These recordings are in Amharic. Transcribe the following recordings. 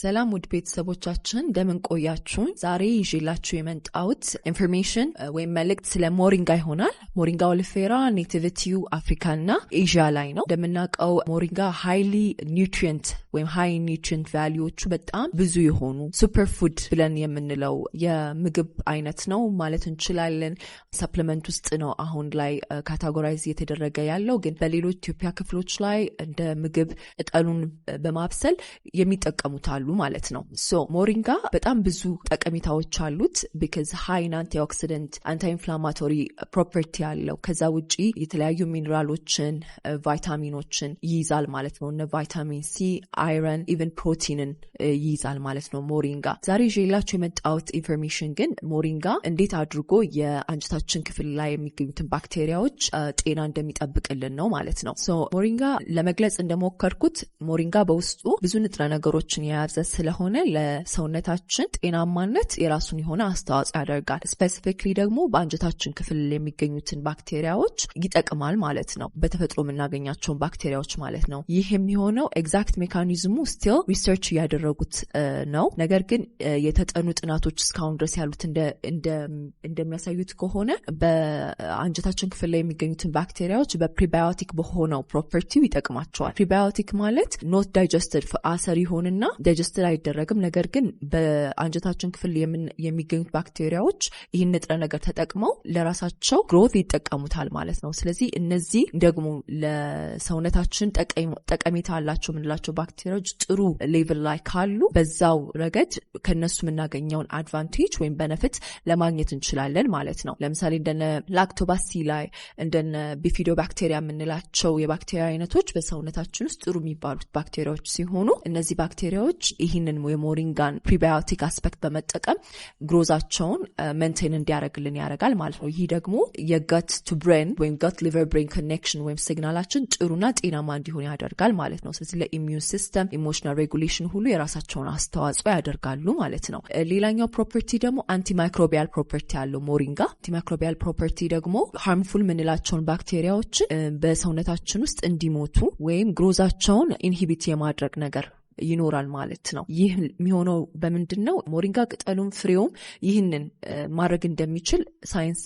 ሰላም ውድ ቤተሰቦቻችን እንደምን ቆያችሁኝ? ዛሬ ይዤላችሁ የመጣሁት ኢንፎርሜሽን ወይም መልእክት ስለ ሞሪንጋ ይሆናል። ሞሪንጋ ኦሊፌራ ኔቲቪቲው አፍሪካና ኤዥያ ላይ ነው። እንደምናውቀው ሞሪንጋ ሃይሊ ኒውትሪየንት ወይም ሃይ ኒውትሪንት ቫሊዎቹ በጣም ብዙ የሆኑ ሱፐርፉድ ብለን የምንለው የምግብ አይነት ነው ማለት እንችላለን። ሰፕሊመንት ውስጥ ነው አሁን ላይ ካታጎራይዝ uh, እየተደረገ ያለው። ግን በሌሎች ኢትዮጵያ ክፍሎች ላይ እንደ ምግብ ቅጠሉን uh, በማብሰል የሚጠቀሙት አሉ ማለት ነው። ሶ ሞሪንጋ በጣም ብዙ ጠቀሜታዎች አሉት። ቢካዝ ሃይን አንቲ ኦክሲደንት አንታይ ኢንፍላማቶሪ ፕሮፐርቲ አለው። ከዛ ውጪ የተለያዩ ሚኔራሎችን ቫይታሚኖችን uh, ይይዛል ማለት ነው እነ ቫይታሚን ሲ አይረን ኢቨን ፕሮቲንን ይይዛል ማለት ነው ሞሪንጋ። ዛሬ ይዤላችሁ የመጣሁት ኢንፎርሜሽን ግን ሞሪንጋ እንዴት አድርጎ የአንጀታችን ክፍል ላይ የሚገኙትን ባክቴሪያዎች ጤና እንደሚጠብቅልን ነው ማለት ነው። ሶ ሞሪንጋ ለመግለጽ እንደሞከርኩት ሞሪንጋ በውስጡ ብዙ ንጥረ ነገሮችን የያዘ ስለሆነ ለሰውነታችን ጤናማነት የራሱን የሆነ አስተዋጽኦ ያደርጋል። ስፔሲፊክሊ ደግሞ በአንጀታችን ክፍል የሚገኙትን ባክቴሪያዎች ይጠቅማል ማለት ነው። በተፈጥሮ የምናገኛቸውን ባክቴሪያዎች ማለት ነው። ይህ የሚሆነው ኤግዛክት ሜካኒ ሜካኒዝሙ ስቲል ሪሰርች እያደረጉት ነው። ነገር ግን የተጠኑ ጥናቶች እስካሁን ድረስ ያሉት እንደሚያሳዩት ከሆነ በአንጀታችን ክፍል ላይ የሚገኙትን ባክቴሪያዎች በፕሪባዮቲክ በሆነው ፕሮፐርቲው ይጠቅማቸዋል። ፕሪባዮቲክ ማለት ኖት ዳይጀስትድ አሰር ይሆንና ዳይጀስትድ አይደረግም። ነገር ግን በአንጀታችን ክፍል የሚገኙት ባክቴሪያዎች ይህን ንጥረ ነገር ተጠቅመው ለራሳቸው ግሮት ይጠቀሙታል ማለት ነው። ስለዚህ እነዚህ ደግሞ ለሰውነታችን ጠቀሜታ አላቸው የምንላቸው ባክቴሪያ ባክቴሪያዎች ጥሩ ሌቭል ላይ ካሉ በዛው ረገድ ከነሱ የምናገኘውን አድቫንቴጅ ወይም በነፍት ለማግኘት እንችላለን ማለት ነው። ለምሳሌ እንደነ ላይ እንደነ ቢፊዶ ባክቴሪያ የምንላቸው የባክቴሪያ አይነቶች በሰውነታችን ውስጥ ጥሩ የሚባሉት ባክቴሪያዎች ሲሆኑ እነዚህ ባክቴሪያዎች ይህንን የሞሪንጋን ፕሪባዮቲክ አስፔክት በመጠቀም ግሮዛቸውን መንቴን uh, እንዲያደርግልን ያደርጋል ማለት ነው። ይህ ደግሞ የጋት ቱ ብሬን ወይም ጋት ሊቨር ብሬን ኮኔክሽን ወይም ሲግናላችን ጥሩና ጤናማ እንዲሆን ያደርጋል ማለት ነው። ስለዚህ ለኢሚዩን ሲስተም ሲስተም ኢሞሽናል ሬጉሌሽን ሁሉ የራሳቸውን አስተዋጽኦ ያደርጋሉ ማለት ነው። ሌላኛው ፕሮፐርቲ ደግሞ አንቲማይክሮቢያል ፕሮፐርቲ አለው ሞሪንጋ። አንቲማይክሮቢያል ፕሮፐርቲ ደግሞ ሃርምፉል የምንላቸውን ባክቴሪያዎችን በሰውነታችን ውስጥ እንዲሞቱ ወይም ግሮዛቸውን ኢንሂቢት የማድረግ ነገር ይኖራል ማለት ነው። ይህ የሚሆነው በምንድን ነው? ሞሪንጋ ቅጠሉም ፍሬውም ይህንን ማድረግ እንደሚችል ሳይንስ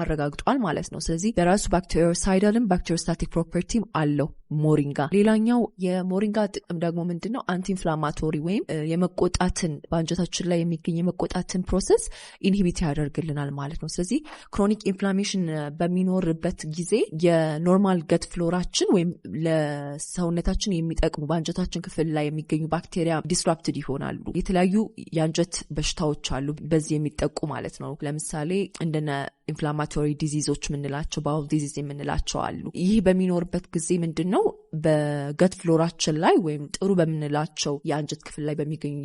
አረጋግጧል ማለት ነው። ስለዚህ በራሱ ባክቴሪሳይዳልም ባክቴሪስታቲክ ፕሮፐርቲም አለው ሞሪንጋ። ሌላኛው የሞሪንጋ ጥቅም ደግሞ ምንድን ነው? አንቲ ኢንፍላማቶሪ ወይም የመቆጣትን በአንጀታችን ላይ የሚገኝ የመቆጣትን ፕሮሰስ ኢንሂቢት ያደርግልናል ማለት ነው። ስለዚህ ክሮኒክ ኢንፍላሜሽን በሚኖርበት ጊዜ የኖርማል ገት ፍሎራችን ወይም ለሰውነታችን የሚጠቅሙ በአንጀታችን ክፍል ላይ የሚ የሚገኙ ባክቴሪያ ዲስራፕትድ ይሆናሉ። የተለያዩ የአንጀት በሽታዎች አሉ በዚህ የሚጠቁ ማለት ነው። ለምሳሌ እንደነ ኢንፍላማቶሪ ዲዚዞች የምንላቸው ባውል ዲዚዝ የምንላቸው አሉ። ይህ በሚኖርበት ጊዜ ምንድን ነው በገት ፍሎራችን ላይ ወይም ጥሩ በምንላቸው የአንጀት ክፍል ላይ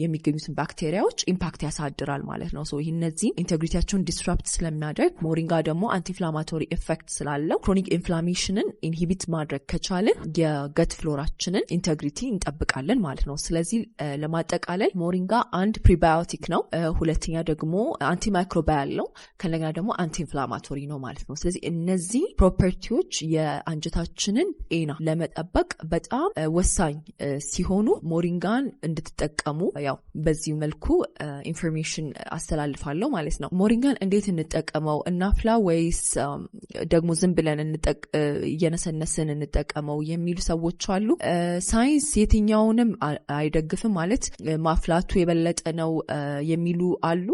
የሚገኙትን ባክቴሪያዎች ኢምፓክት ያሳድራል ማለት ነው። ይህ እነዚህ ኢንቴግሪቲያቸውን ዲስራፕት ስለሚያደርግ ሞሪንጋ ደግሞ አንቲኢንፍላማቶሪ ኤፌክት ስላለው ክሮኒክ ኢንፍላሜሽንን ኢንሂቢት ማድረግ ከቻልን የገት ፍሎራችንን ኢንቴግሪቲ እንጠብቃለን ማለት ነው። ስለዚህ ለማጠቃለል ሞሪንጋ አንድ ፕሪባዮቲክ ነው፣ ሁለተኛ ደግሞ አንቲማይክሮባያል ነው፣ ከእንደገና ደግሞ አንቲ ኢንፍላማቶሪ ነው ማለት ነው። ስለዚህ እነዚህ ፕሮፐርቲዎች የአንጀታችንን ጤና ለመጠበቅ በጣም ወሳኝ ሲሆኑ ሞሪንጋን እንድትጠቀሙ ያው በዚህ መልኩ ኢንፎርሜሽን አስተላልፋለሁ ማለት ነው። ሞሪንጋን እንዴት እንጠቀመው? እናፍላ ወይስ ደግሞ ዝም ብለን እየነሰነስን እንጠቀመው የሚሉ ሰዎች አሉ። ሳይንስ የትኛውንም አይደግፍም ማለት ማፍላቱ የበለጠ ነው የሚሉ አሉ።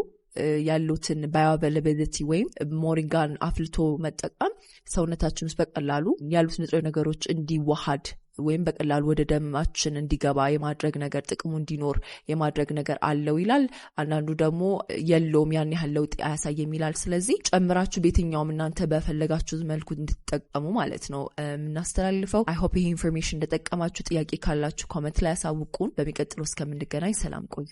ያሉትን ባዮአቬላቢሊቲ ወይም ሞሪንጋን አፍልቶ መጠቀም ሰውነታችን ውስጥ በቀላሉ ያሉት ንጥረ ነገሮች እንዲዋሃድ ወይም በቀላሉ ወደ ደማችን እንዲገባ የማድረግ ነገር ጥቅሙ እንዲኖር የማድረግ ነገር አለው ይላል። አንዳንዱ ደግሞ የለውም ያን ያህል ለውጥ አያሳይም ይላል። ስለዚህ ጨምራችሁ በየትኛውም እናንተ በፈለጋችሁት መልኩ እንድትጠቀሙ ማለት ነው የምናስተላልፈው። አይ ሆፕ ይሄ ኢንፎርሜሽን እንደጠቀማችሁ፣ ጥያቄ ካላችሁ ኮመንት ላይ ያሳውቁን። በሚቀጥለው እስከምንገናኝ ሰላም ቆዩ።